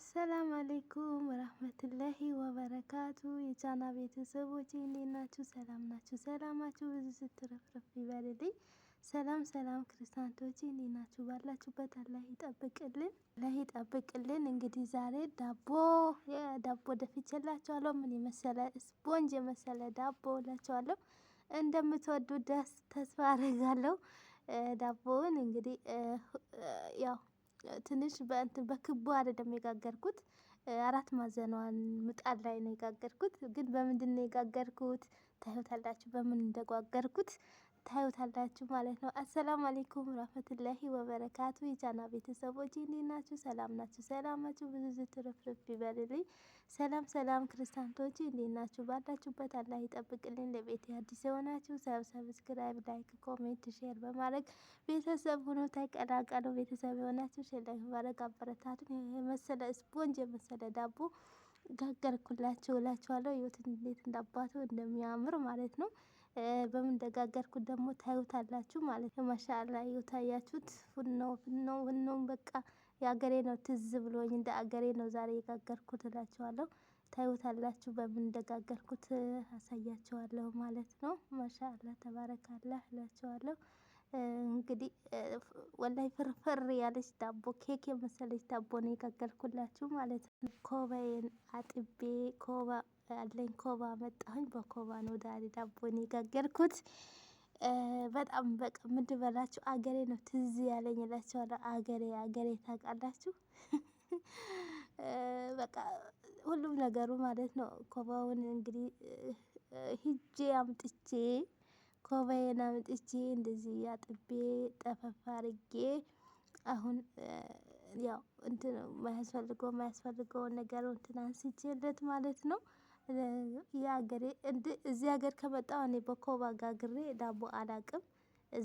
አሰላም አሌይኩም ረህመቱላሂ ወበረካቱ የቻና ቤተሰቦች እንዴት ናችሁ? ሰላም ናችሁ? ሰላማችሁ ብዙ ስትረፍረፍ ይበልልኝ። ሰላም ሰላም ክርስቲያንቶች እንዴት ናችሁ? ባላችሁበት አላህ ይጠብቅልን፣ አላህ ይጠብቅልን። እንግዲህ ዛሬ ዳቦ ዳቦ ደፍቼላችኋለሁ። ምን የመሰለ ስፖንጅ የመሰለ ዳቦ ላችኋለሁ። እንደምትወዱ ደስ ተስፋ አደርጋለሁ። ዳቦውን እንግዲህ ያው ትንሽ በእንትን በክቡ አይደለም የጋገርኩት አራት ማዘኗን ምጣድ ላይ ነው የጋገርኩት። ግን በምንድን ነው የጋገርኩት ታዩታላችሁ፣ በምን እንደጓገርኩት ታዩታላችሁ ማለት ነው። አሰላሙ አሌይኩም ረህመቱላሂ ወበረካቱ የቻና ቤተሰቦች እንዴት ናችሁ? ሰላም ናችሁ? ሰላማችሁ ብዙ ዝትርፍርፍ ይበልልኝ። ሰላም ሰላም ክርስቲያንቶች እንዴት ናችሁ? ባላችሁበት አላህ ይጠብቅልኝ። ለቤት አዲስ የሆናችሁ ሰብ ሰብስክራይብ፣ ላይክ፣ ኮሜንት፣ ሼር በማድረግ ቤተሰብ ሆኖ ተቀላቀሉ። ቤተሰብ የሆናችሁ ሼር ላይ ማድረግ አበረታቱ። የመሰለ ስፖንጅ የመሰለ ዳቦ ጋገርኩላችሁ እላችኋለሁ። ይወት እንዴት እንዳባቱ እንደሚያምር ማለት ነው በምንደጋገርኩት ደግሞ ታዩታላችሁ ማለት ነው። ማሻላ ታያችሁት። ቡናው ቡናው ቡናውን በቃ የአገሬ ነው ትዝ ብሎኝ እንደ አገሬ ነው ዛሬ የጋገርኩት እላችኋለሁ። ታዩታላችሁ በምንደጋገርኩት አሳያችኋለሁ ማለት ነው። ማሻላ ተባረካላ እላችኋለሁ። እንግዲህ ወላይ ፍርፍር ያለች ዳቦ ኬክ የመሰለች ዳቦ ነው የጋገርኩላችሁ ማለት ነው። ኮባዬን አጥቤ ኮባ አለኝ። ኮባ መጣሁኝ። በኮባ ነው ዳቦ ዳቦን የጋገርኩት። በጣም በቃ ምንድን አገሬ ነው ትዝ ያለኝ እላችኋለሁ። አገሬ አገሬ ታውቃላችሁ። በቃ ሁሉም ነገሩ ማለት ነው። ኮባውን እንግዲህ ሂጄ አምጥቼ ኮባዬን አምጥቼ እንደዚህ አጥቤ ጠፈፍ አርጌ አሁን ያው እንትን ማያስፈልገው ማያስፈልገውን ነገር እንትን አንስቼለት ማለት ነው። የሀገሬ እዚህ ሀገር ከመጣሁ እኔ በኮባ ጋግሬ ዳቦ አላቅም።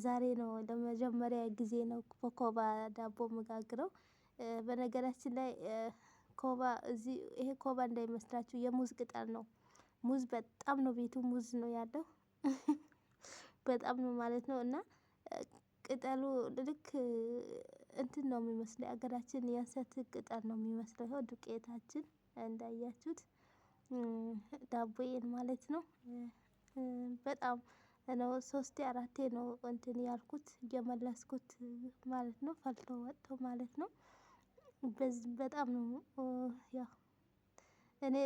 ዛሬ ነው ለመጀመሪያ ጊዜ ነው በኮባ ዳቦ መጋግረው። በነገራችን ላይ ኮባ እዚህ ይሄ ኮባ እንዳይመስላችሁ የሙዝ ቅጠል ነው። ሙዝ በጣም ነው ቤቱ ሙዝ ነው ያለው። በጣም ነው ማለት ነው። እና ቅጠሉ ልክ እንትን ነው የሚመስለው የሀገራችን የእንሰት ቅጠል ነው የሚመስለው። ይኸው ዱቄታችን እንዳያችሁት ዳቦዬን ማለት ነው። በጣም ነው ሶስቴ አራቴ ነው እንትን ያልኩት እየመለስኩት ማለት ነው ፈልቶ ወጥቶ ማለት ነው። በጣም ነው ያው እኔ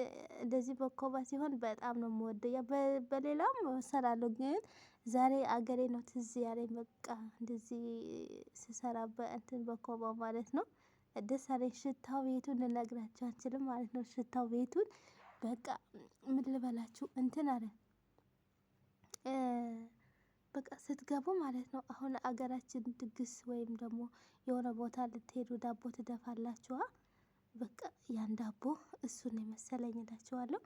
እንደዚህ በኮባ ሲሆን በጣም ነው የምወደው። በሌላም እሰራለሁ፣ ግን ዛሬ አገሬ ነው ትዝ ያለኝ። በቃ እንደዚህ ስሰራ በእንትን በኮባ ማለት ነው ደስ አለኝ። ሽታው ቤቱን ልነግራችሁ አልችልም ማለት ነው። ሽታው ቤቱን በቃ ምን ልበላችሁ እንትን አለ በቃ ስትገቡ ማለት ነው። አሁን አገራችን ድግስ ወይም ደግሞ የሆነ ቦታ ልትሄዱ ዳቦ ትደፋላችኋ በቃ ያን ዳቦ እሱን የመሰለኝ እላቸዋለሁ።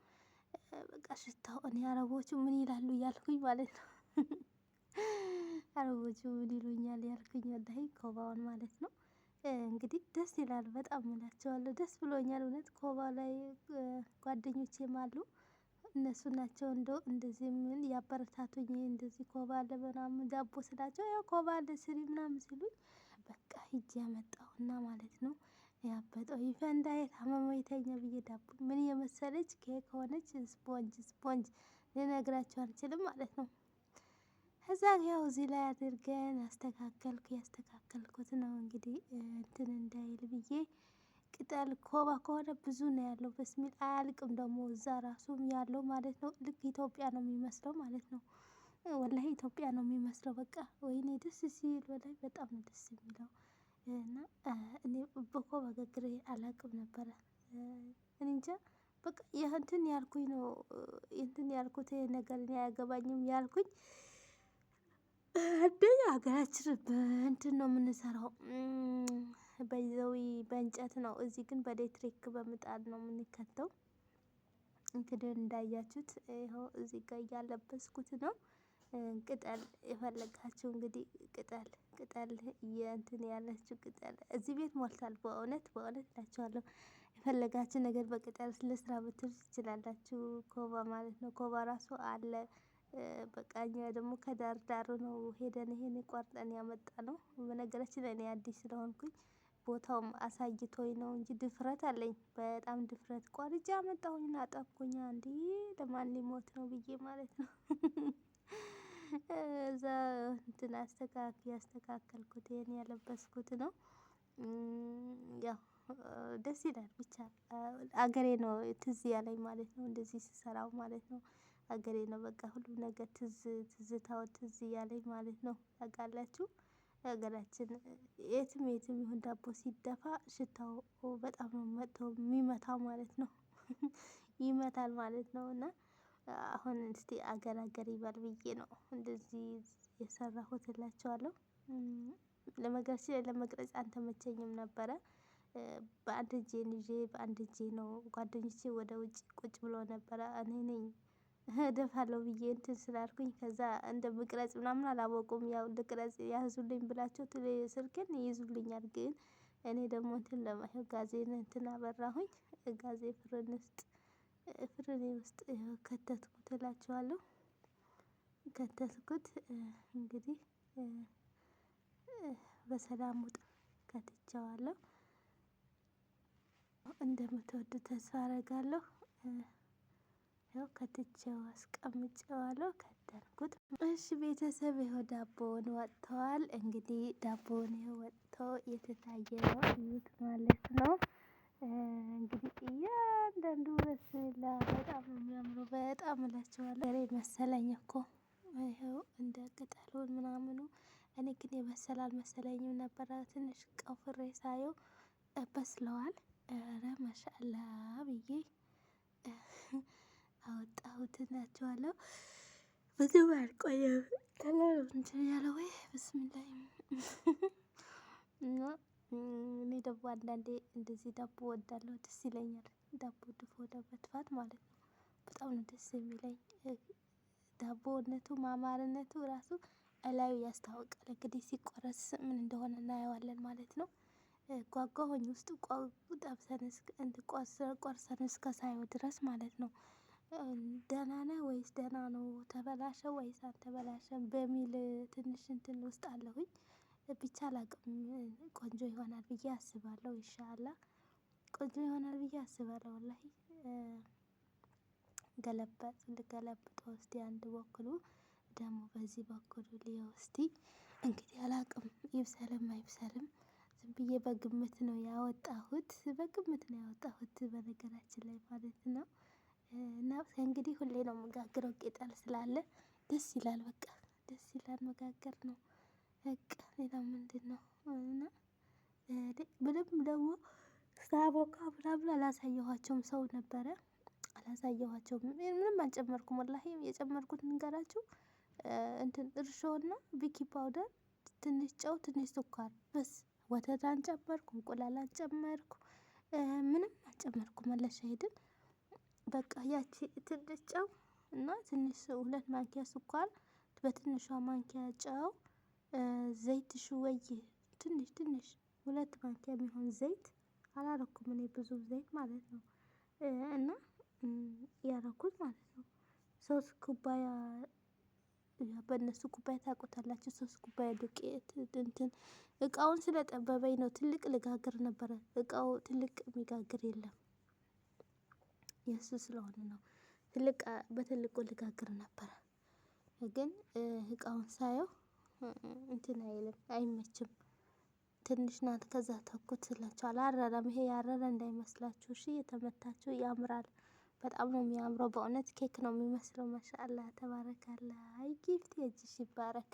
በቃ ሽታው እኔ አረቦቹ ምን ይላሉ እያልኩኝ ማለት ነው። አረቦቹ ምን ይሉኛል ያልኩኝ ወላሂ ኮባውን ማለት ነው። እንግዲህ ደስ ይላል በጣም እላቸዋለሁ። ደስ ብሎኛል እውነት ኮባ ላይ ጓደኞቼም አሉ። እነሱ ናቸው እንደው እንደዚህ ምን ያበረታቱኝ እንደዚህ ኮባ አለ ምናምን ዳቦ ስላቸው ያው ኮባ አለ ስሪ ምናምን ሲሉኝ በቃ ሂጅ ያመጣሁና ማለት ነው ያበጠው ይፈንዳ የታመመ የተኛ ብዬ ዳቦ ምን የመሰለች ኬክ ሆነች። ስፖንጅ ስፖንጅ ልነግራቸው አልችልም ማለት ነው። ከዛ ያው እዚህ ላይ አድርገን አስተካከልኩ። ያስተካከልኩት ነው እንግዲህ እንትን እንዳይል ብዬ ቅጠል ኮባ ከሆነ ብዙ ነው ያለው። በስሚል አያልቅም ደግሞ እዛ ራሱም ያለው ማለት ነው። ልክ ኢትዮጵያ ነው የሚመስለው ማለት ነው። ወላሂ ኢትዮጵያ ነው የሚመስለው። በቃ ወይኔ ደስ ሲል፣ ወላሂ በጣም ነው ደስ የሚለው። እና እኔ በኮ በግሬ አላቅም ነበረ። እኔ እንጃ በቃ እንትን ያልኩኝ ነው እንትን ያልኩት ነገር እኔ አያገባኝም ያልኩኝ አንደኛ ሀገራችን በእንትን ነው የምንሰራው፣ በዘዊ በእንጨት ነው። እዚህ ግን በኤሌክትሪክ በምጣድ ነው የምንከተው። እንግዲህ እንዳያችሁት ይኸው እዚህ ጋር እያለበስኩት ነው። ቅጠል የፈለጋችሁ እንግዲህ ቅጠል ቅጠል የእንትን ያለችው ቅጠል እዚህ ቤት ሞልቷል። በእውነት በእውነት እላችኋለሁ የፈለጋችሁ ነገር በቅጠል ልስራ ብትሉ ትችላላችሁ። ኮባ ማለት ነው። ኮባ ራሱ አለ። በቃ እኛ ደግሞ ከዳር ዳሩ ነው ሄደን ይሄን ቆርጠን ያመጣ ነው። በነገራችን እኔ አዲስ ስለሆንኩኝ ቦታውም አሳይቶኝ ነው እንጂ ድፍረት አለኝ። በጣም ድፍረት ቆርጬ አመጣሁኝ እና አጠብኩኝ። አንዴ ለማን ሊሞት ነው ብዬ ማለት ነው። እዛ እንትን አስተካክ ያስተካከልኩት ይሄን ያለበስኩት ነው። ያው ደስ ይላል ብቻ አገሬ ነው ትዝ ያለኝ ማለት ነው። እንደዚህ ስሰራው ማለት ነው አገሬ ነው በቃ ሁሉም ነገር ትዝ ትዝታው ትዝ እያለኝ ማለት ነው። ታውቃላችሁ ሀገራችን የትም የትም ይሁን ዳቦ ሲደፋ ሽታው በጣም ነው መጥቶ የሚመታው ማለት ነው። ይመታል ማለት ነው እና አሁን እስቲ አገር አገር ይበል ብዬ ነው እንደዚህ የሰራሁት እላቸዋለሁ። ለመግለጽ ለመቅረጽ አልተመቸኝም ነበረ። በአንድ እጄ ይዤ በአንድ እጄ ነው። ጓደኞቼ ወደ ውጭ ቁጭ ብሎ ነበረ እኔ ነኝ እደፋለሁ ብዬ እንትን ስላልኩኝ ከዛ እንደ ምቅረጽ ምናምን አላወቁም። ያው ልቅረጽ ያዙልኝ ብላቸው ስልክን ይይዙልኛል ግን እኔ ደግሞ እንትን ለማየው ጋዜን እንትን አበራሁኝ ጋዜ ፍርን ውስጥ ፍርኔ ውስጥ ከተትኩት እላቸዋለሁ። ከተትኩት እንግዲህ በሰላም ውጥ ከትቼዋለሁ። እንደምትወድ ተስፋ አረጋለሁ። ያው ከትቼው አስቀምጬዋለሁ ከተንኩት። እሺ ቤተሰብ ይኸው ዳቦውን ወጥተዋል። እንግዲህ ዳቦውን ይኸው ወጥቶ የተታየ ነው እዩት ማለት ነው። እንግዲህ አንዱ በስላ በጣም ነው የሚያምረው። በጣም እላቸዋለሁ። ሬ መሰለኝ እኮ ይኸው እንደ ቅጠሉ ምናምኑ። እኔ ግን የበሰለ አልመሰለኝም ነበረ። ትንሽ ቀፍሬ ሳየው በስለዋል። ረ ማሻአላ ብዬ አወጣሁት እላቸዋለሁ። ምግብ አልቆየም። ከለሩ እንትን ያለ ወይ ብስምላህ እና እኔ ደግሞ አንዳንዴ እንደዚህ ዳቦ ወዳለሁ፣ ደስ ይለኛል። ዳቦ ድፎ በመድፋት ማለት ነው። በጣም ነው ደስ የሚለኝ። ዳቦነቱ ማማርነቱ ራሱ እላዩ ያስታውቃል። እንግዲህ ሲቆረስ ምን እንደሆነ እናየዋለን ማለት ነው። ጓጓሁኝ ውስጥ ጠብሰን ቆርሰን እስከ ሳየው ድረስ ማለት ነው። ደህና ነህ ወይስ ደህና ነው ተበላሸ ወይስ አልተበላሸም በሚል ትንሽ እንትን ውስጥ አለሁኝ። ብቻ አላውቅም ቆንጆ ይሆናል ብዬ አስባለሁ ይሻላል። ቆንጆ ይሆናል ብዬ አስባለሁ። ወላሂ ገለበጥ ልገለብጦ እስቲ አንድ በኩሉ ደግሞ በዚህ በኩሉ ልየው እስቲ እንግዲህ አላቅም ይብሰልም አይብሰልም ዝም ብዬ በግምት ነው ያወጣሁት። በግምት ነው ያወጣሁት በነገራችን ላይ ማለት ነው። እና እንግዲህ ሁሌ ነው መጋግረው ቅጠል ስላለ ደስ ይላል። በቃ ደስ ይላል መጋገር ነው። በቃ ሌላ ምንድን ነው? እና ምንም ደግሞ ሳቦካ ምናምን አላሳየኋቸውም ሰው ነበረ አላሳየኋቸውም ምንም አልጨመርኩም ወላሂ የጨመርኩት ምንገራችሁ እንትን እርሾና ቢኪ ፓውደር ትንሽ ጨው ትንሽ ስኳር በስ ወተት አንጨመርኩ፣ እንቁላል አንጨመርኩ፣ ምንም አልጨመርኩም አላሻሄድን በቃ ያቺ ትንሽ ጨው እና ትንሽ ሁለት ማንኪያ ስኳር በትንሿ ማንኪያ ጨው ዘይት ሽወይ ትንሽ ትንሽ ሁለት ማንኪያ የሚሆን ዘይት አላረኩም እኔ ብዙ ጊዜ ማለት ነው። እና ያረኩት ማለት ነው ሶስት ኩባያ በእነሱ ኩባያ ታውቁታላችሁ ሶስት ኩባያ ዱቄት እንትን እቃውን ስለጠበበኝ ነው። ትልቅ ልጋግር ነበረ እቃው ትልቅ የሚጋግር የለም የሱ ስለሆነ ነው። ትልቅ በትልቁ ልጋግር ነበረ ግን እቃውን ሳየው እንትን አይልም አይመችም። ትንሽ ናት። ከዛ ተኩት ይላቸዋል። አረረም። ይሄ ያረረ እንዳይመስላችሁ እሺ። የተመታችሁ ያምራል። በጣም ነው የሚያምረው። በእውነት ኬክ ነው የሚመስለው። ማሻአላ ተባረካላ። አይ ጊፍት የእጅሽ ይባረክ።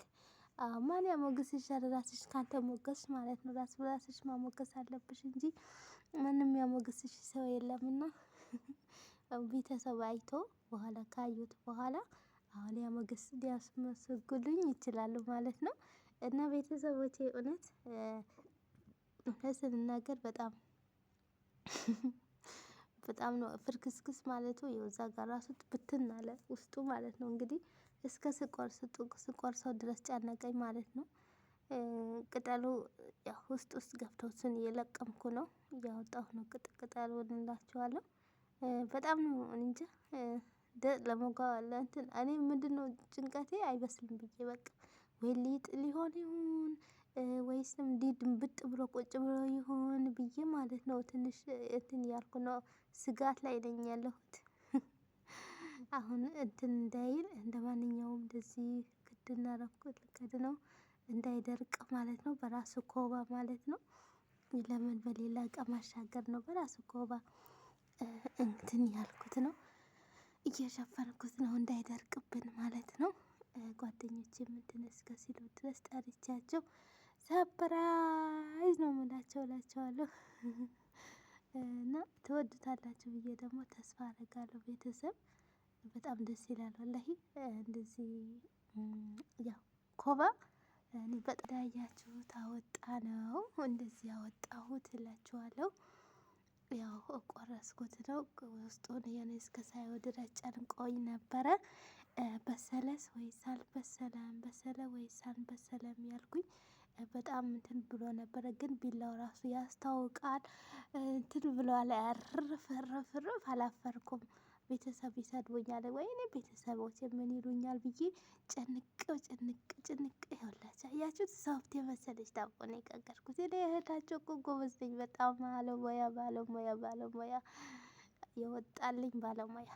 ማን ያሞገስ ይሻል? ራስሽ ካንተ ሞገስ ማለት ነው። ራስ በራስሽ ማሞገስ አለብሽ እንጂ ምንም ያሞገስሽ ሰው የለምና ቤተሰብ አይቶ በኋላ ካዩት በኋላ አሁን ያሞገስ ሊያስመሰግሉኝ ይችላሉ ማለት ነው። እና ቤተሰቦቼ እውነት እውነት ስንናገር በጣም በጣም ነው ፍርክስክስ ማለቱ። የወዛ ጋር ራሱ ብትን አለ ውስጡ ማለት ነው። እንግዲህ እስከ ስቆርሰው ድረስ ጨነቀኝ ማለት ነው። ቅጠሉ ያው ውስጥ ውስጥ ገብቶትን እየለቀምኩ ነው እያወጣሁ ነው ቅጠሉ እንላችኋለሁ። በጣም ነው እንጃ ለመጓ እንትን እኔ ምንድን ነው ጭንቀቴ አይበስልም ብዬ በቃ ወይ ሊጥ ሊሆን ወይስም እንዲህ ድንብጥ ብሎ ቁጭ ብሎ ይሆን ብዬ ማለት ነው። ትንሽ እንትን ያልኩ ነው፣ ስጋት ላይ ነኝ ያለሁት። አሁን እንትን እንዳይል እንደ ማንኛውም እንደዚህ ግድ እናረኩት ልቀድ ነው እንዳይደርቅ ማለት ነው። በራሱ ኮባ ማለት ነው። ለምን በሌላ እቃ ማሻገር ነው? በራሱ ኮባ እንትን ያልኩት ነው፣ እየሸፈንኩት ነው እንዳይደርቅብን ማለት ነው። ጓደኞቼ ምንድን እስከ ሲሉ ድረስ ጠርቻቸው ሰፕራይዝ ነው ምላቸው እላቸዋለሁ። እና ትወዱታላችሁ ብዬ ደግሞ ተስፋ አደርጋለሁ። ቤተሰብ በጣም ደስ ይላል ወላሂ እንደዚህ ያው ኮባ እኔ በጥዳያችሁ ታወጣ ነው እንደዚህ ያወጣሁት እላችኋለሁ። ያው ቆረስኩት ነው ውስጡን የኔ እስከ ሳየው ድረስ ጨንቆኝ ነበረ። በሰለስ ወይስ አልበሰለም በሰለ ወይስ አልበሰለም ያልኩኝ በጣም እንትን ብሎ ነበረ፣ ግን ቢላው ራሱ ያስታውቃል። እንትን ብሏል። ርፍርፍርፍ አላፈርኩም። ቤተሰብ ይሰድቡኛል፣ ወይኔ ቤተሰቦች ምን ይሉኛል ብዬ ጭንቅ ጭንቅ ጭንቅ። ይኸውላችሁ አያችሁት፣ ሶፍት የመሰለች ዳቦ ነው የቀቀልኩት። እኔ እህታችሁ እኮ ጎበዝ ነኝ፣ በጣም ባለሙያ ባለሙያ ባለሙያ፣ የወጣልኝ ባለሙያ።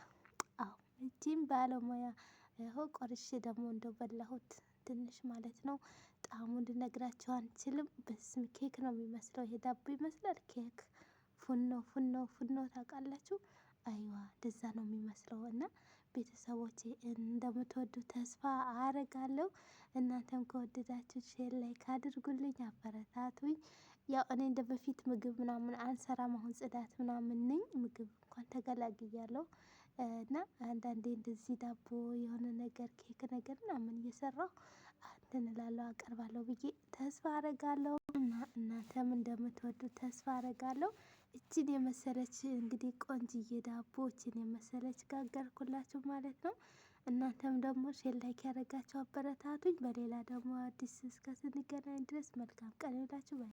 አዎ እቺም ባለሙያ። ይኸው ቆርሼ ደግሞ እንደበላሁት ትንሽ ማለት ነው። ጣዕሙን ልነግራቸው አንችልም። በስም ኬክ ነው የሚመስለው። ይሄ ዳቦ ይመስላል ኬክ ፉኖ ፉኖ ፉኖ ታውቃላችሁ? አይዋ እንደዛ ነው የሚመስለው እና ቤተሰቦች እንደምትወዱ ተስፋ አረጋለሁ። እናንተም ከወደዳችሁ ሼር ላይክ አድርጉልኝ፣ አበረታቱኝ። ያው እኔ እንደ በፊት ምግብ ምናምን አንሰራም። አሁን ጽዳት ምናምን ነኝ። ምግብ እንኳን ተገላግያለሁ። እና አንዳንዴ እንደዚህ ዳቦ የሆነ ነገር ኬክ ነገር ምናምን እየሰራሁ እንትን እላለሁ አቀርባለሁ ብዬ ተስፋ አረጋለሁ። እና እናንተም እንደምትወዱት ተስፋ አረጋለሁ። እችን የመሰለች እንግዲህ ቆንጅዬ ዳቦዎችን የመሰለች ጋገርኩላችሁ ማለት ነው። እናንተም ደግሞ ሼር ላይክ ያደረጋችሁ አበረታቱኝ። በሌላ ደግሞ አዲስ እስከ ስንገናኝ ድረስ መልካም ቀን ይውላችሁ።